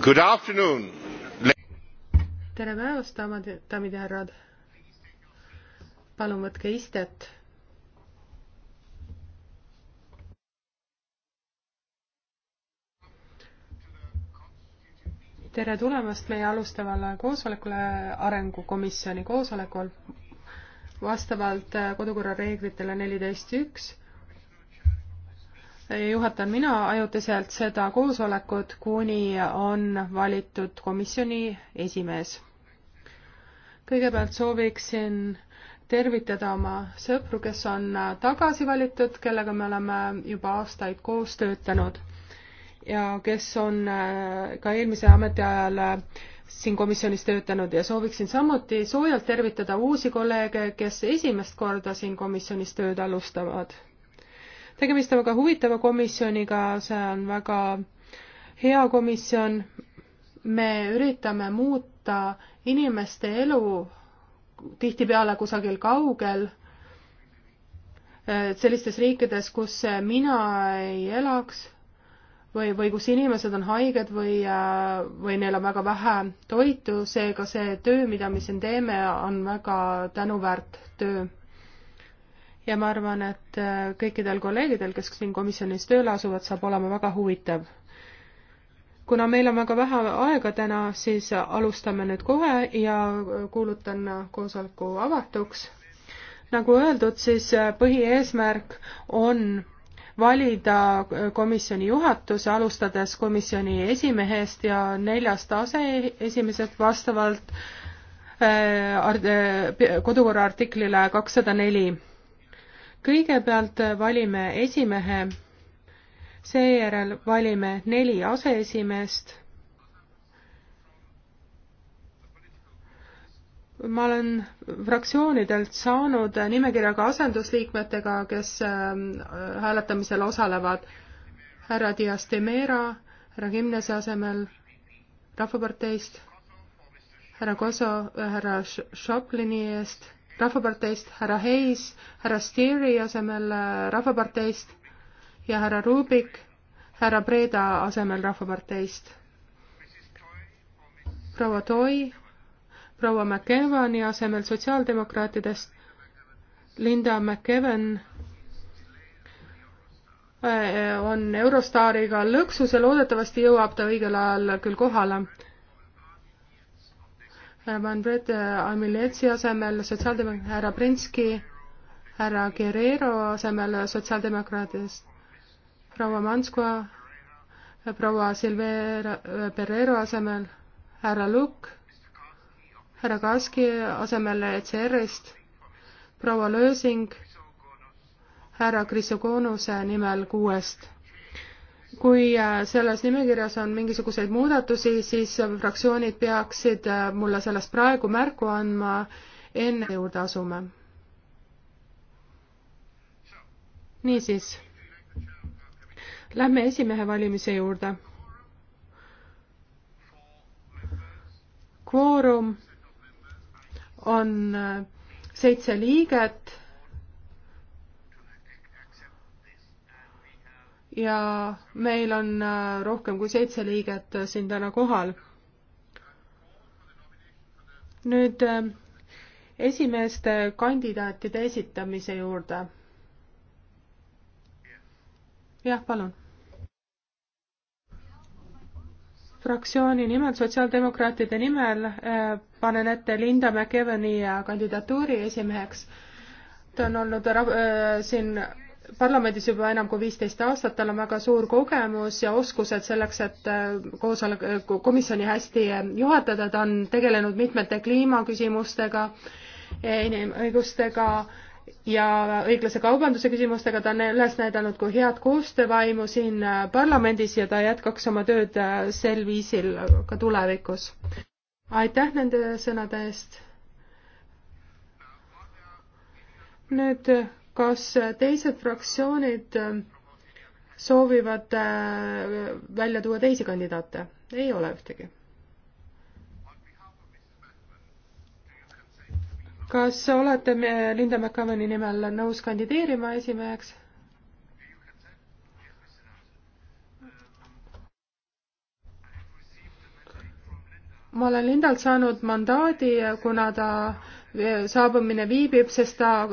Good afternoon. tere päevast, daamad, daamid ja härrad. palun võtke istet. tere tulemast meie alustavale koosolekule, arengukomisjoni koosolekul. vastavalt äh, kodukorra reeglitele neliteist üks juhatan mina ajutiselt seda koosolekut, kuni on valitud komisjoni esimees. kõigepealt sooviksin tervitada oma sõpru, kes on tagasi valitud, kellega me oleme juba aastaid koos töötanud ja kes on äh, ka eelmise ametiajal äh, siin komisjonis töötanud ja sooviksin samuti soojalt tervitada uusi kolleege, kes esimest korda siin komisjonis tööd alustavad tegemist on väga huvitava komisjoniga, see on väga hea komisjon, me üritame muuta inimeste elu tihtipeale kusagil kaugel, sellistes riikides, kus mina ei elaks või, või kus inimesed on haiged või, või neil on väga vähe toitu, seega see töö, mida me siin teeme, on väga tänuväärt töö ja ma arvan, et äh, kõikidel kolleegidel, kes siin komisjonis tööle asuvad, saab olema väga huvitav. kuna meil on väga vähe aega täna, siis alustame nüüd kohe ja äh, kuulutan koosoleku avatuks. nagu öeldud, siis äh, põhieesmärk on valida komisjoni juhatuse, alustades komisjoni esimehest ja neljast aseesimesest vastavalt kodukorra artiklile kakssada neli kõigepealt valime esimehe, seejärel valime neli aseesimeest. ma olen fraktsioonidelt saanud nimekirjaga asendusliikmetega, kes ähm, hääletamisel osalevad. härra Dias de Meera, härra Kümnese asemel Rahvaparteist, härra Koso äh, härra Šoplini eest Rahvaparteist härra Hayes, härra Steeri asemel äh, Rahvaparteist ja härra Rubik härra Breda asemel Rahvaparteist. proua Toi, proua McEvani asemel sotsiaaldemokraatidest Linda McEwen äh, on Eurostariga lõksus ja loodetavasti jõuab ta õigel ajal küll kohale Manfred äh, Amiletsi asemel sotsiaaldemokraat härra Prinski, härra Guerrero asemel sotsiaaldemokraadist, proua Manskua, proua Silvera Pereiro äh, asemel härra Lukk, härra Kaski asemel ECR-ist, proua Lösing, härra Krisogonuse nimel kuuest kui äh, selles nimekirjas on mingisuguseid muudatusi, siis äh, fraktsioonid peaksid äh, mulle sellest praegu märku andma, enne juurde asume. niisiis, lähme esimehe valimise juurde. kvoorum on seitse liiget ja meil on äh, rohkem kui seitse liiget äh, siin täna kohal. nüüd äh, esimeeste kandidaatide esitamise juurde. jah, palun. fraktsiooni nimel, sotsiaaldemokraatide nimel panen ette Linda McEvani kandidatuuri esimeheks. ta on olnud äh, siin parlamendis juba enam kui viisteist aastat, tal on väga suur kogemus ja oskused selleks, et äh, koosolek, komisjoni hästi äh, juhatada, ta on tegelenud mitmete kliimaküsimustega, eh, inimõigustega ja õiglase kaubanduse küsimustega, ta on üles näidanud kui head koostöövaimu siin äh, parlamendis ja ta jätkaks oma tööd sel viisil ka tulevikus. aitäh nende sõnade eest. nüüd kas teised fraktsioonid äh, soovivad äh, välja tuua teisi kandidaate? ei ole ühtegi. kas olete äh, Linda McCaveni nimel nõus kandideerima esimeheks? ma olen Lindalt saanud mandaadi, kuna ta eh, saabumine viibib, sest ta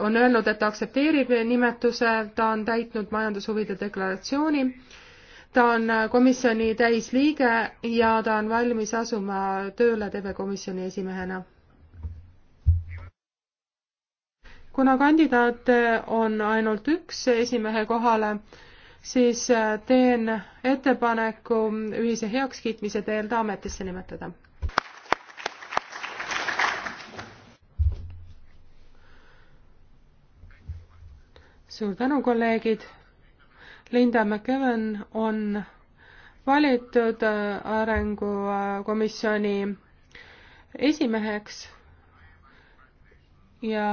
on öelnud, et ta aktsepteerib nimetuse, ta on täitnud majandushuvide deklaratsiooni, ta on eh, komisjoni täisliige ja ta on valmis asuma tööle TV Komisjoni esimehena. kuna kandidaate eh, on ainult üks esimehe kohale, siis äh, teen ettepaneku ühise heakskiitmise teel ta ametisse nimetada. suur tänu, kolleegid. Linda McEwen on valitud äh, arengukomisjoni esimeheks ja,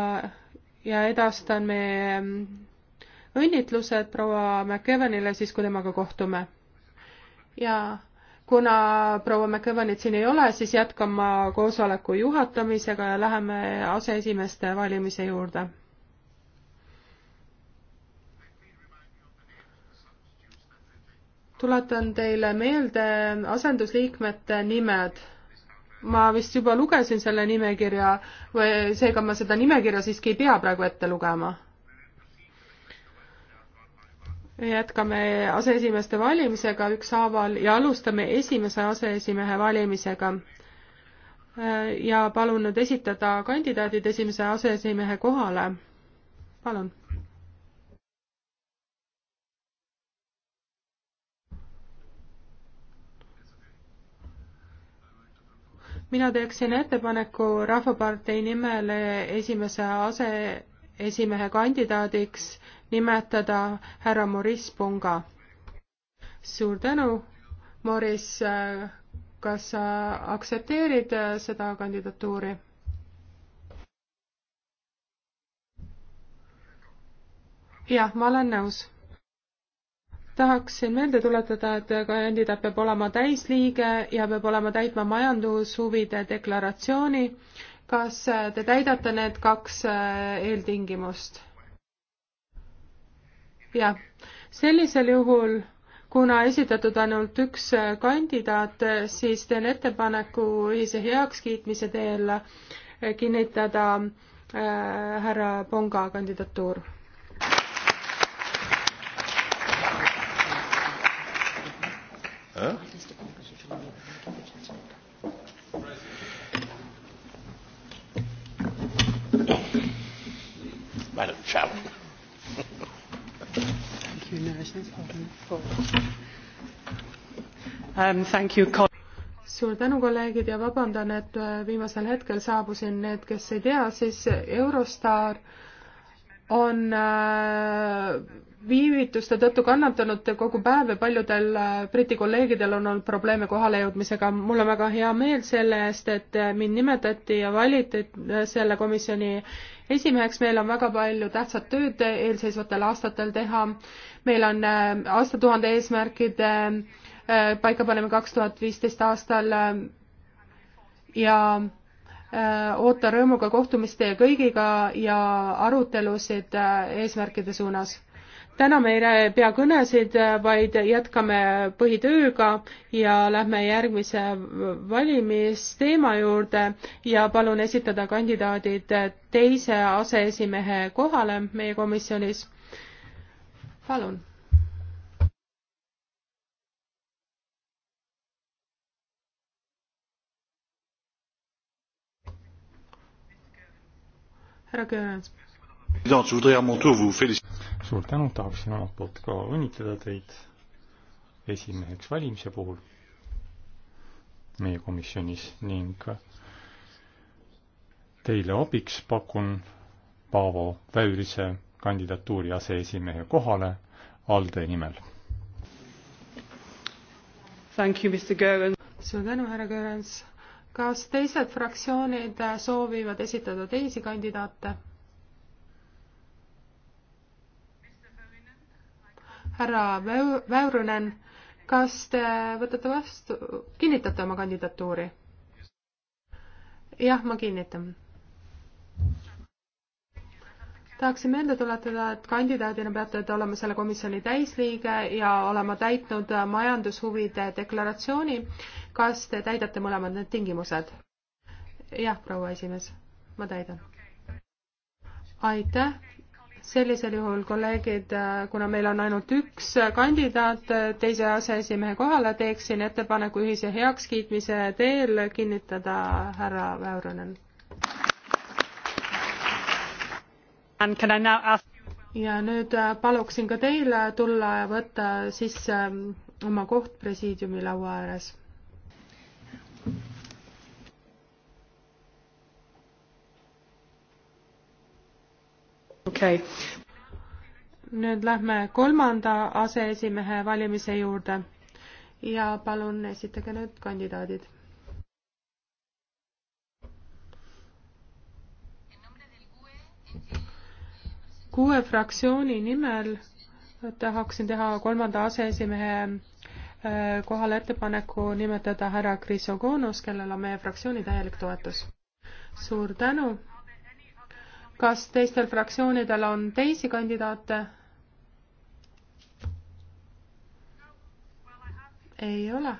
ja edastan meie õnnitlused proua McEvanile siis, kui temaga kohtume. ja kuna proua McEvanit siin ei ole, siis jätkan ma koosoleku juhatamisega ja läheme aseesimeeste valimise juurde. tuletan teile meelde asendusliikmete nimed. ma vist juba lugesin selle nimekirja või seega ma seda nimekirja siiski ei pea praegu ette lugema jätkame aseesimeeste valimisega ükshaaval ja alustame esimese aseesimehe valimisega. ja palun nüüd esitada kandidaadid esimese aseesimehe kohale. palun mina teeksin ettepaneku Rahvapartei nimel esimese ase esimehe kandidaadiks nimetada härra Maurice Ponga. suur tänu, Maurice, kas sa aktsepteerid äh, seda kandidatuuri? jah, ma olen nõus. tahaksin meelde tuletada, et kandidaat peab olema täisliige ja peab olema täitma majandushuvide deklaratsiooni kas te täidate need kaks äh, eeltingimust? jah, sellisel juhul, kuna esitatud ainult üks äh, kandidaat, siis teen ettepaneku ühise heakskiitmise teel äh, kinnitada härra Ponga kandidatuur äh?. Madam Chairman. Thank you, National Parliament. Um, thank you, colleagues suur tänu, kolleegid, ja vabandan, et äh, viimasel hetkel saabusin, need, kes ei tea, siis Eurostar on äh, viivituste tõttu kannatanud kogu päev ja paljudel äh, Briti kolleegidel on olnud probleeme kohalejõudmisega. mul on väga hea meel selle eest, et äh, mind nimetati ja valiti äh, selle komisjoni esimeheks, meil on väga palju tähtsat tööd eelseisvatel aastatel teha. meil on aastatuhande eesmärkide paika paneme kaks tuhat viisteist aastal ja oota rõõmuga kohtumist teie kõigiga ja arutelusid eesmärkide suunas täna me ei pea kõnesid, vaid jätkame põhitööga ja lähme järgmise valimisteema juurde ja palun esitada kandidaadid teise aseesimehe kohale meie komisjonis. palun härra Köörens suur tänu, tahaksin omalt poolt ka õnnitleda teid esimeheks valimise puhul meie komisjonis ning teile abiks pakun Paavo Väürise kandidatuuri aseesimehe kohale ALDE nimel. suur tänu, härra Görens. kas teised fraktsioonid soovivad esitada teisi kandidaate? härra Väyrynen, kas te võtate vastu, kinnitate oma kandidatuuri? jah, ma kinnitan. tahaksin meelde tuletada, et kandidaadina peate te olema selle komisjoni täisliige ja olema täitnud majandushuvide deklaratsiooni. kas te täidate mõlemad need tingimused? jah, proua esimees, ma täidan. aitäh sellisel juhul, kolleegid, kuna meil on ainult üks kandidaat teise aseesimehe kohale, teeksin ettepaneku ühise heakskiitmise teel kinnitada härra Väyrynen. ja nüüd äh, paluksin ka teil tulla ja võtta sisse ähm, oma koht presiidiumi laua ääres okei okay.. nüüd lähme kolmanda aseesimehe valimise juurde ja palun esitage nüüd kandidaadid. kuue fraktsiooni nimel tahaksin teha kolmanda aseesimehe äh, kohale ettepaneku nimetada härra Krisogonus, kellel on meie fraktsiooni täielik toetus. suur tänu kas teistel fraktsioonidel on teisi kandidaate? ei ole.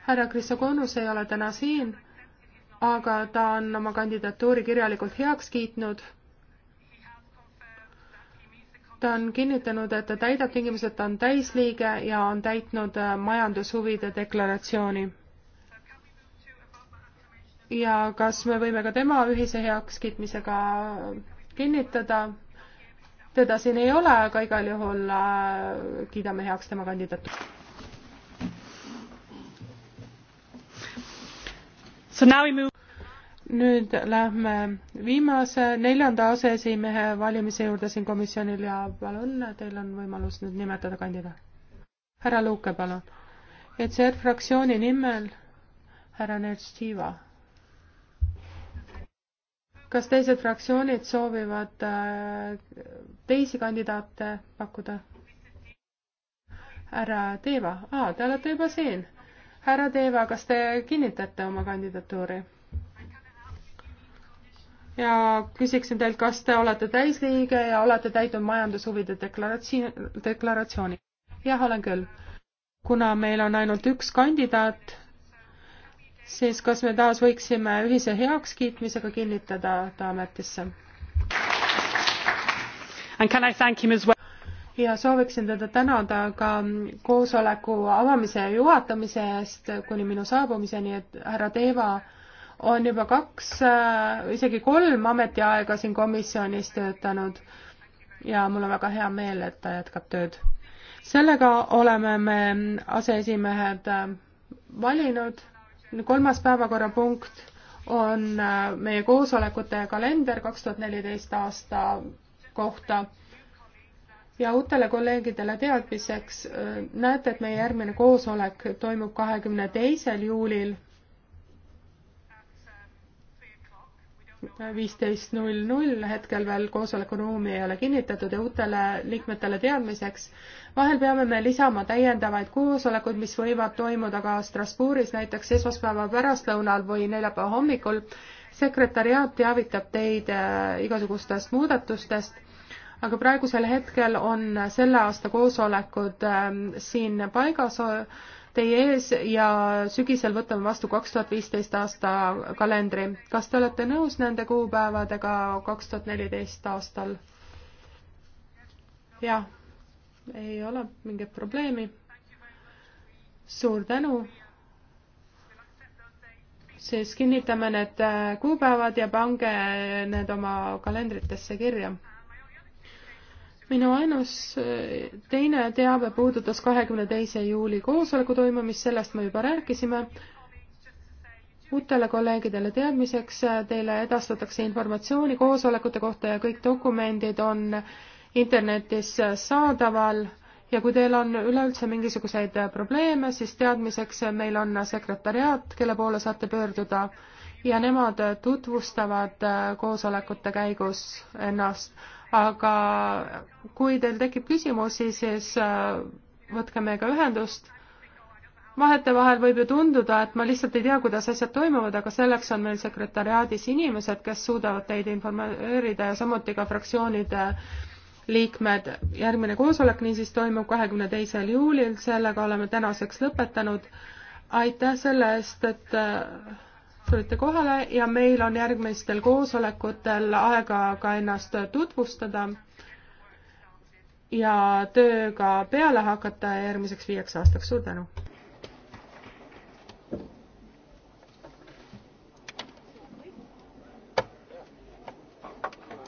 härra Krisogonus ei ole täna siin, aga ta on oma kandidatuuri kirjalikult heaks kiitnud. ta on kinnitanud, et ta täidab tingimused, ta on täisliige ja on täitnud äh, majandushuvide deklaratsiooni ja kas me võime ka tema ühise heakskiitmisega kinnitada. teda siin ei ole, aga igal juhul äh, kiidame heaks tema kandidatuuri. nüüd lähme viimase, neljanda aseesimehe valimise juurde siin komisjonil ja palun, teil on võimalus nüüd nimetada kandidaat. härra Luuke, palun. ECR fraktsiooni nimel härra Nels Tiiva kas teised fraktsioonid soovivad äh, teisi kandidaate pakkuda? härra Teeva ah,, te olete juba siin. härra Teeva, kas te kinnitate oma kandidatuuri? ja küsiksin teilt, kas te olete täisliige ja olete täitnud majandushuvide deklaratsioon, deklaratsiooni? jah, olen küll. kuna meil on ainult üks kandidaat, siis kas me taas võiksime ühise heakskiitmisega kinnitada ta ametisse? ja sooviksin teda tänada ka koosoleku avamise ja juhatamise eest kuni minu saabumiseni, et härra Teeva on juba kaks, äh, isegi kolm ametiaega siin komisjonis töötanud ja mul on väga hea meel, et ta jätkab tööd. sellega oleme me aseesimehed äh, valinud kolmas päevakorrapunkt on äh, meie koosolekute kalender kaks tuhat neliteist aasta kohta ja uutele kolleegidele teadmiseks äh, näete, et meie järgmine koosolek toimub kahekümne teisel juulil viisteist null null, hetkel veel koosolekuruumi ei ole kinnitatud ja uutele liikmetele teadmiseks. vahel peame me lisama täiendavaid koosolekuid, mis võivad toimuda ka Strasbourgis näiteks esmaspäeva pärastlõunal või neljapäeva hommikul. sekretäriaat teavitab teid äh, igasugustest muudatustest, aga praegusel hetkel on selle aasta koosolekud ähm, siin paigas teie ees ja sügisel võtame vastu kaks tuhat viisteist aasta kalendri. kas te olete nõus nende kuupäevadega kaks tuhat neliteist aastal? jah, ei ole mingit probleemi. suur tänu. siis kinnitame need kuupäevad ja pange need oma kalendritesse kirja minu ainus eh, teine teave puudutas kahekümne teise juuli koosoleku toimumist, sellest me juba rääkisime. uutele kolleegidele teadmiseks, eh, teile edastatakse informatsiooni koosolekute kohta ja kõik dokumendid on internetis eh, saadaval ja kui teil on üleüldse mingisuguseid probleeme, siis teadmiseks meil on sekretäriaat, kelle poole saate pöörduda ja nemad tutvustavad koosolekute käigus ennast aga kui teil tekib küsimusi, siis äh, võtke meiega ühendust. vahetevahel võib ju tunduda, et ma lihtsalt ei tea, kuidas asjad toimuvad, aga selleks on meil sekretariaadis inimesed, kes suudavad teid informeerida ja samuti ka fraktsioonide liikmed. järgmine koosolek niisiis toimub kahekümne teisel juulil, sellega oleme tänaseks lõpetanud. aitäh selle eest, et äh, tulite kohale ja meil on järgmistel koosolekutel aega ka ennast tutvustada ja tööga peale hakata järgmiseks viieks aastaks. suur tänu!